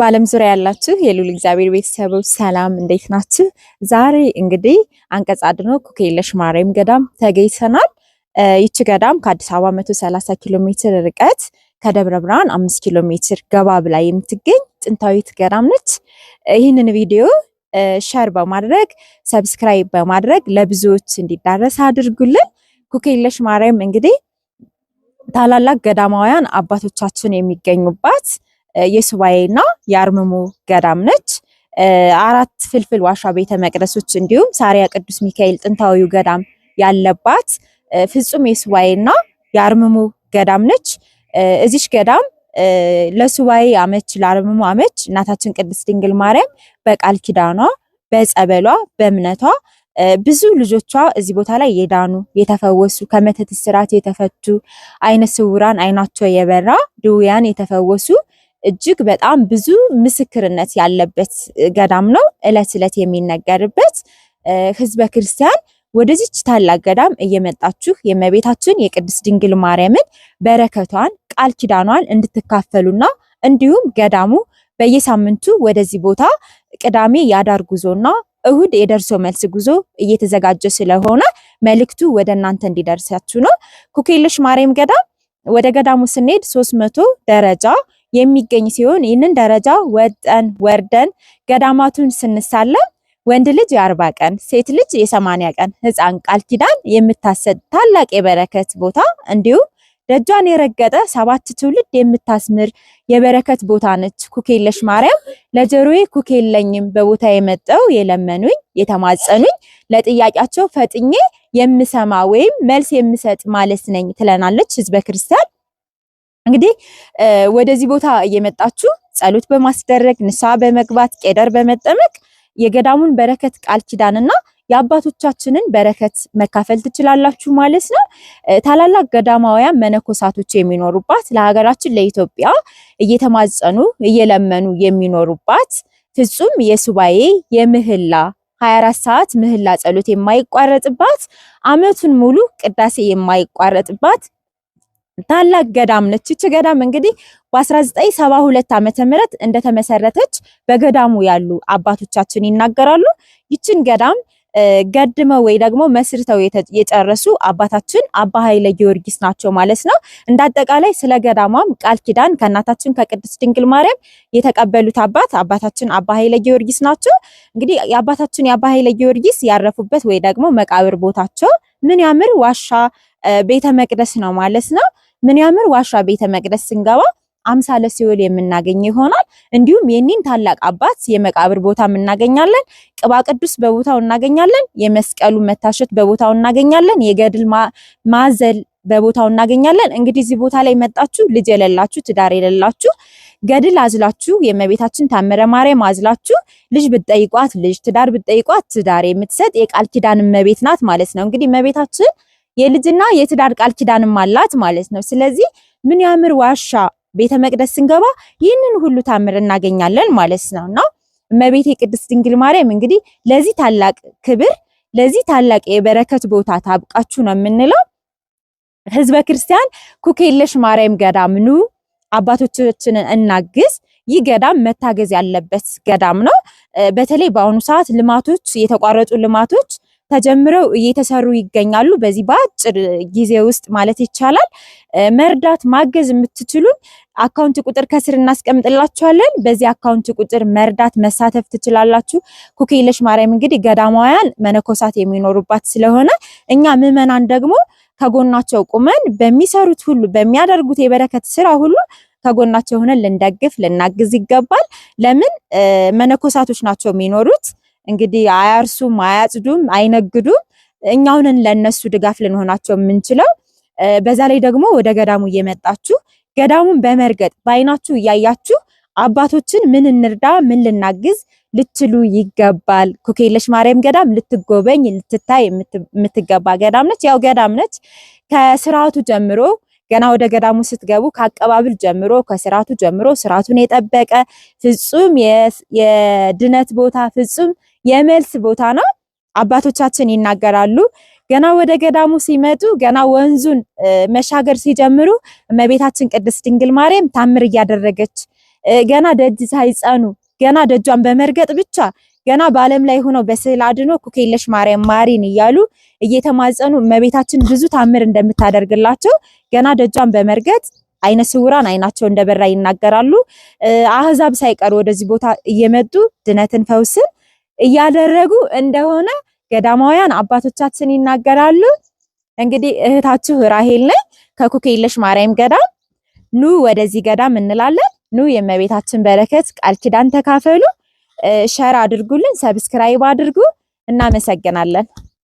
በዓለም ዙሪያ ያላችሁ የሉል እግዚአብሔር ቤተሰቦች ሰላም፣ እንዴት ናችሁ? ዛሬ እንግዲህ አንቀጽ አድኖ ኩክየለሽ ማርያም ገዳም ተገኝተናል። ይቺ ገዳም ከአዲስ አበባ 130 ኪሎ ሜትር ርቀት ከደብረ ብርሃን አምስት ኪሎ ሜትር ገባ ብላ የምትገኝ ጥንታዊት ገዳም ነች። ይህንን ቪዲዮ ሸር በማድረግ ሰብስክራይብ በማድረግ ለብዙዎች እንዲዳረስ አድርጉልን። ኩክየለሽ ማርያም እንግዲህ ታላላቅ ገዳማውያን አባቶቻችን የሚገኙባት የሱባኤና የአርምሞ ገዳም ነች። አራት ፍልፍል ዋሻ ቤተ መቅደሶች እንዲሁም ሳሪያ ቅዱስ ሚካኤል ጥንታዊው ገዳም ያለባት ፍጹም የሱባኤና የአርምሞ ገዳም ነች። እዚች ገዳም ለሱባኤ አመች ለአርምሞ አመች እናታችን ቅድስት ድንግል ማርያም በቃል ኪዳኗ በጸበሏ በእምነቷ ብዙ ልጆቿ እዚህ ቦታ ላይ የዳኑ የተፈወሱ፣ ከመተት ስራት የተፈቱ፣ አይነ ስውራን አይናቸው የበራ ድውያን የተፈወሱ እጅግ በጣም ብዙ ምስክርነት ያለበት ገዳም ነው። እለት እለት የሚነገርበት ህዝበ ክርስቲያን ወደዚች ታላቅ ገዳም እየመጣችሁ የእመቤታችን የቅድስት ድንግል ማርያምን በረከቷን፣ ቃል ኪዳኗን እንድትካፈሉና እንዲሁም ገዳሙ በየሳምንቱ ወደዚህ ቦታ ቅዳሜ ያዳር ጉዞና እሁድ የደርሶ መልስ ጉዞ እየተዘጋጀ ስለሆነ መልእክቱ ወደ እናንተ እንዲደርሳችሁ ነው። ኩክየለሽ ማርያም ገዳም ወደ ገዳሙ ስንሄድ 3 ደረጃ የሚገኝ ሲሆን ይህንን ደረጃ ወጠን ወርደን ገዳማቱን ስንሳለም ወንድ ልጅ የአርባ ቀን ሴት ልጅ የሰማንያ ቀን ህፃን ቃል ኪዳን የምታሰጥ ታላቅ የበረከት ቦታ እንዲሁም ደጇን የረገጠ ሰባት ትውልድ የምታስምር የበረከት ቦታ ነች ኩኬለሽ ማርያም። ለጆሮዬ ኩክ የለኝም በቦታ የመጠው የለመኑኝ የተማጸኑኝ ለጥያቄያቸው ፈጥኜ የምሰማ ወይም መልስ የምሰጥ ማለት ነኝ ትለናለች ህዝበ ክርስቲያን። እንግዲህ ወደዚህ ቦታ እየመጣችሁ ጸሎት በማስደረግ ንስሐ በመግባት ቄደር በመጠመቅ የገዳሙን በረከት ቃል ኪዳንና የአባቶቻችንን በረከት መካፈል ትችላላችሁ ማለት ነው። ታላላቅ ገዳማውያን መነኮሳቶች የሚኖሩባት ለሀገራችን ለኢትዮጵያ እየተማጸኑ እየለመኑ የሚኖሩባት ፍጹም የሱባኤ የምህላ 24 ሰዓት ምህላ ጸሎት የማይቋረጥባት አመቱን ሙሉ ቅዳሴ የማይቋረጥባት ታላቅ ገዳም ነች። ይቺ ገዳም እንግዲህ በ1972 ዓመተ ምህረት እንደተመሰረተች በገዳሙ ያሉ አባቶቻችን ይናገራሉ። ይችን ገዳም ገድመው ወይ ደግሞ መስርተው የጨረሱ አባታችን አባ ኃይለ ጊዮርጊስ ናቸው ማለት ነው። እንዳጠቃላይ ስለ ገዳሟም ቃል ኪዳን ከእናታችን ከቅድስት ድንግል ማርያም የተቀበሉት አባት አባታችን አባ ኃይለ ጊዮርጊስ ናቸው። እንግዲህ የአባታችን የአባ ኃይለ ጊዮርጊስ ያረፉበት ወይ ደግሞ መቃብር ቦታቸው ምን ያምር ዋሻ ቤተ መቅደስ ነው ማለት ነው። ምንያምር ዋሻ ቤተ መቅደስ ስንገባ አምሳለ ሲኦል የምናገኝ ይሆናል። እንዲሁም የኒን ታላቅ አባት የመቃብር ቦታ እናገኛለን። ቅባ ቅዱስ በቦታው እናገኛለን። የመስቀሉ መታሸት በቦታው እናገኛለን። የገድል ማዘል በቦታው እናገኛለን። እንግዲህ እዚህ ቦታ ላይ መጣችሁ ልጅ የሌላችሁ ትዳር የሌላችሁ ገድል አዝላችሁ የእመቤታችን ታምረ ማርያም አዝላችሁ ልጅ ብትጠይቋት ልጅ ትዳር ብትጠይቋት ትዳር የምትሰጥ የቃል ኪዳን እመቤት ናት ማለት ነው። እንግዲህ እመቤታችን የልጅና የትዳር ቃል ኪዳንም አላት ማለት ነው። ስለዚህ ምን ያምር ዋሻ ቤተ መቅደስ ስንገባ ይህንን ሁሉ ታምር እናገኛለን ማለት ነው እና እመቤቴ ቅድስት ድንግል ማርያም እንግዲህ ለዚህ ታላቅ ክብር ለዚህ ታላቅ የበረከት ቦታ ታብቃችሁ ነው የምንለው። ህዝበ ክርስቲያን ኩኬለሽ ማርያም ገዳም ኑ አባቶቻችንን እናግዝ። ይህ ገዳም መታገዝ ያለበት ገዳም ነው። በተለይ በአሁኑ ሰዓት ልማቶች የተቋረጡ ልማቶች ተጀምረው እየተሰሩ ይገኛሉ። በዚህ በአጭር ጊዜ ውስጥ ማለት ይቻላል መርዳት ማገዝ የምትችሉ አካውንት ቁጥር ከስር እናስቀምጥላችኋለን። በዚህ አካውንት ቁጥር መርዳት መሳተፍ ትችላላችሁ። ኩክየለሽ ማርያም እንግዲህ ገዳማውያን መነኮሳት የሚኖሩባት ስለሆነ እኛ ምዕመናን ደግሞ ከጎናቸው ቁመን በሚሰሩት ሁሉ በሚያደርጉት የበረከት ስራ ሁሉ ከጎናቸው ሆነን ልንደግፍ ልናግዝ ይገባል። ለምን መነኮሳቶች ናቸው የሚኖሩት እንግዲህ አያርሱም፣ አያጽዱም፣ አይነግዱም። እኛውንን ለእነሱ ድጋፍ ልንሆናቸው የምንችለው። በዛ ላይ ደግሞ ወደ ገዳሙ እየመጣችሁ ገዳሙን በመርገጥ በአይናችሁ እያያችሁ አባቶችን ምን እንርዳ፣ ምን ልናግዝ ልትሉ ይገባል። ኩኬለሽ ማርያም ገዳም ልትጎበኝ ልትታይ የምትገባ ገዳም ነች። ያው ገዳም ነች። ከስርዓቱ ጀምሮ ገና ወደ ገዳሙ ስትገቡ ከአቀባበል ጀምሮ ከስርዓቱ ጀምሮ ስርዓቱን የጠበቀ ፍጹም የድነት ቦታ ፍጹም የመልስ ቦታ ነው። አባቶቻችን ይናገራሉ። ገና ወደ ገዳሙ ሲመጡ ገና ወንዙን መሻገር ሲጀምሩ እመቤታችን ቅድስት ድንግል ማርያም ታምር እያደረገች ገና ደጅ ሳይጸኑ ገና ደጇን በመርገጥ ብቻ ገና በዓለም ላይ ሆነው በስዕል አድኖ ኩኬለሽ ማርያም ማሪን እያሉ እየተማጸኑ እመቤታችን ብዙ ታምር እንደምታደርግላቸው ገና ደጇን በመርገጥ አይነ ስውራን አይናቸው እንደበራ ይናገራሉ። አህዛብ ሳይቀር ወደዚህ ቦታ እየመጡ ድነትን፣ ፈውስን እያደረጉ እንደሆነ ገዳማውያን አባቶቻችን ይናገራሉ። እንግዲህ እህታችሁ ራሄል ነኝ ከኩክየለሽ ማርያም ገዳም። ኑ ወደዚህ ገዳም እንላለን። ኑ የእመቤታችን በረከት ቃል ኪዳን ተካፈሉ። ሸር አድርጉልን፣ ሰብስክራይብ አድርጉ። እናመሰግናለን።